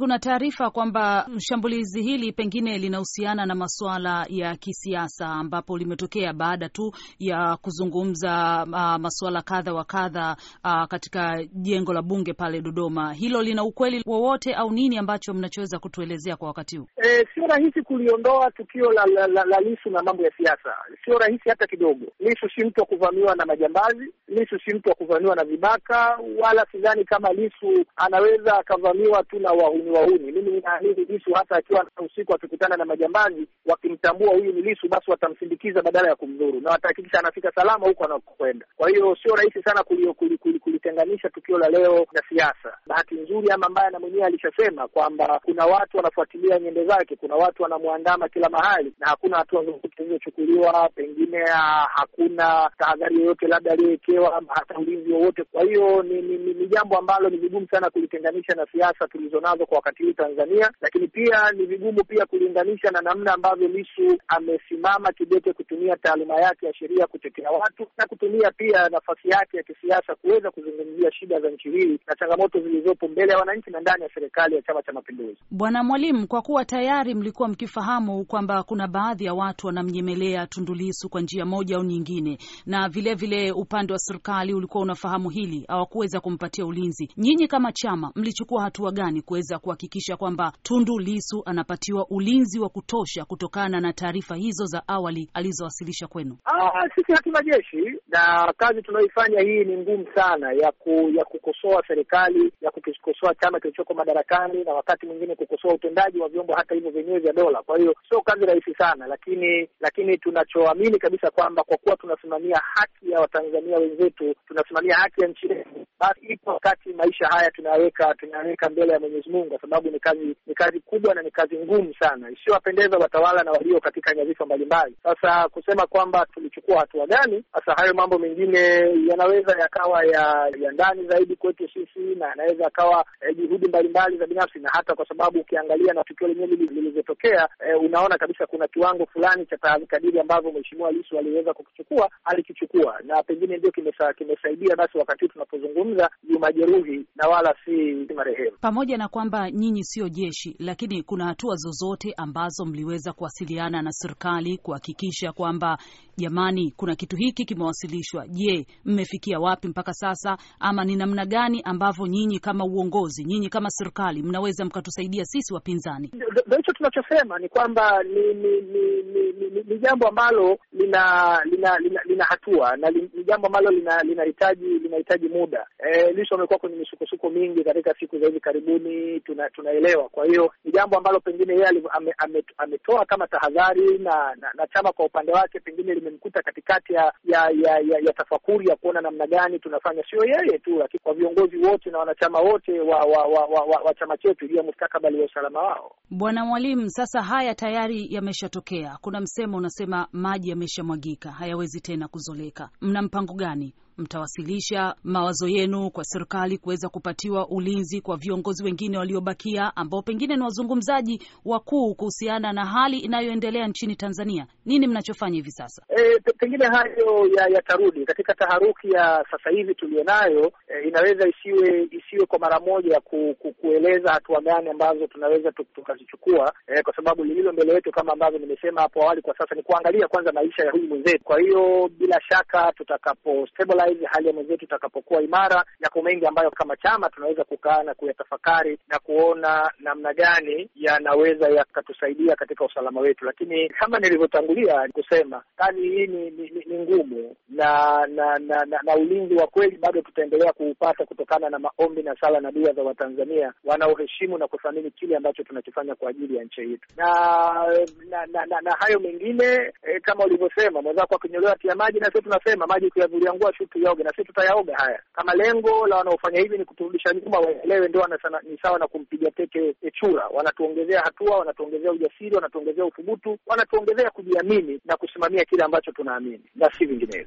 Kuna taarifa kwamba shambulizi hili pengine linahusiana na masuala ya kisiasa, ambapo limetokea baada tu ya kuzungumza uh, ah, masuala kadha wa kadha uh, katika jengo la bunge pale Dodoma. Hilo lina ukweli wowote au nini ambacho mnachoweza kutuelezea kwa wakati huu? E, sio rahisi kuliondoa tukio la, la, la, la Lisu na mambo ya siasa, sio rahisi hata kidogo. Lisu si mtu wa kuvamiwa na majambazi, Lisu si mtu wa kuvamiwa na vibaka, wala sidhani kama Lisu anaweza akavamiwa tu na wahu ni wauni. Mimi ninaamini Lisu hata akiwa usiku akikutana na majambazi wakimtambua huyu ni Lisu, basi watamsindikiza badala ya kumdhuru na watahakikisha anafika salama huko anakokwenda. Kwa hiyo sio rahisi sana kulitenganisha tukio la leo na siasa bahati nzuri ama mbaya, na mwenyewe alishasema kwamba kuna watu wanafuatilia nyendo zake, kuna watu wanamwandama kila mahali, na hakuna hatua zozote zilizochukuliwa, pengine ah, hakuna tahadhari yoyote labda aliyowekewa, hata ulinzi wowote. Kwa hiyo ni, ni, ni, ni jambo ambalo ni vigumu sana kulitenganisha na siasa tulizonazo kwa wakati huu Tanzania, lakini pia ni vigumu pia kulinganisha na namna ambavyo misu amesimama kidete kutumia taaluma yake ya sheria kutetea watu na kutumia pia nafasi yake ya kisiasa kuweza kuzungumzia shida za nchi hii na changamoto zili zilizopo mbele ya wananchi na ndani ya serikali ya Chama cha Mapinduzi. Bwana Mwalimu, kwa kuwa tayari mlikuwa mkifahamu kwamba kuna baadhi ya watu wanamnyemelea Tundu Lissu kwa njia moja au nyingine, na vilevile vile upande wa serikali ulikuwa unafahamu hili, hawakuweza kumpatia ulinzi, nyinyi kama chama mlichukua hatua gani kuweza kuhakikisha kwamba Tundu Lissu anapatiwa ulinzi wa kutosha kutokana na taarifa hizo za awali alizowasilisha kwenu? Ah, sisi hatuna jeshi na kazi tunaoifanya hii ni ngumu sana ya, ku, ya kukosoa serikali ya kukikosoa chama kilichoko madarakani na wakati mwingine kukosoa utendaji wa vyombo hata hivyo vyenyewe vya dola. Kwa hiyo sio kazi rahisi sana, lakini lakini tunachoamini kabisa kwamba kwa kuwa tunasimamia haki ya Watanzania wenzetu, tunasimamia haki ya nchi yetu, basi ipo wakati maisha haya tunaweka tunaweka mbele ya Mwenyezi Mungu, kwa sababu ni kazi ni kazi kubwa na ni kazi ngumu sana isiyowapendeza watawala na walio katika nyadhifa mbalimbali. Sasa kusema kwamba tulichukua hatua gani, sasa hayo mambo mengine yanaweza yakawa ya, ya ndani zaidi kwetu binafsi na anaweza akawa e, juhudi mbalimbali za binafsi, na hata kwa sababu ukiangalia na tukio lenyewe lilivyotokea, e, eh, unaona kabisa kuna kiwango fulani cha kadiri ambavyo Mheshimiwa Lissu aliweza kukichukua, alikichukua na pengine ndio kimesa, kimesaidia basi wakati huu tunapozungumza juu majeruhi na wala si marehemu. Pamoja na kwamba nyinyi sio jeshi, lakini kuna hatua zozote ambazo mliweza kuwasiliana na serikali kuhakikisha kwamba jamani, kuna kitu hiki kimewasilishwa, je, mmefikia wapi mpaka sasa, ama ni namna gani ambavyo ambavyo nyinyi kama uongozi, nyinyi kama serikali mnaweza mkatusaidia sisi wapinzani? Ndio hicho tunachosema ni kwamba ni ni ni, ni, ni, ni jambo ambalo lina lina, lina lina hatua na ni jambo ambalo linahitaji lina linahitaji muda. E, lisho amekuwa kwenye misukosuko mingi katika siku za hivi karibuni, tuna, tunaelewa. Kwa hiyo ni jambo ambalo pengine yeye ame, ame, ametoa kama tahadhari na, na na chama kwa upande wake pengine limemkuta katikati ya ya ya, ya, ya tafakuri ya kuona namna gani tunafanya, sio yeye tu, lakini kwa viongozi wote wananchi na wanachama wote wa, wa, wa, wa, wa, wa chama chetu juu ya mustakabali wa usalama wao. Bwana Mwalimu, sasa haya tayari yameshatokea. Kuna msemo unasema maji yameshamwagika, hayawezi tena kuzoleka. Mna mpango gani mtawasilisha mawazo yenu kwa serikali kuweza kupatiwa ulinzi kwa viongozi wengine waliobakia ambao pengine ni wazungumzaji wakuu kuhusiana na hali inayoendelea nchini Tanzania? Nini mnachofanya hivi sasa? E, pengine hayo yatarudi ya katika taharuki ya sasa hivi nayo. E, inaweza isiwe isiwe kwa mara moja ku, ku, kueleza hatua gani ambazo tunaweza tukazichukua, e, kwa sababu lililo mbele yetu kama ambavyo nimesema hapo awali, kwa sasa ni kuangalia kwanza maisha ya huyu mwenzetu. Kwa hiyo bila shaka tutakapo kuangalia hali ya mwenzetu itakapokuwa imara. Yako mengi ambayo kama chama tunaweza kukaa na kuyatafakari na kuona namna gani yanaweza yakatusaidia katika usalama wetu, lakini kama nilivyotangulia kusema, kazi hii ni, ni, ni, ni ngumu na na, na, na, na ulinzi wa kweli bado tutaendelea kuupata kutokana na maombi na sala na dua za Watanzania wanaoheshimu na kuthamini kile ambacho tunakifanya kwa ajili ya nchi yetu na na, na, na na hayo mengine e, kama ulivyosema mwenzako akinyolewa tia maji, na sio tunasema maji ukiyavulia nguo tuyaoge, na sisi tutayaoga haya. Kama lengo la wanaofanya hivi ni kuturudisha nyuma, waelewe ndio ni sawa na kumpiga teke Echura. Wanatuongezea hatua, wanatuongezea ujasiri, wanatuongezea uthubutu, wanatuongezea kujiamini na kusimamia kile ambacho tunaamini na si vinginevyo.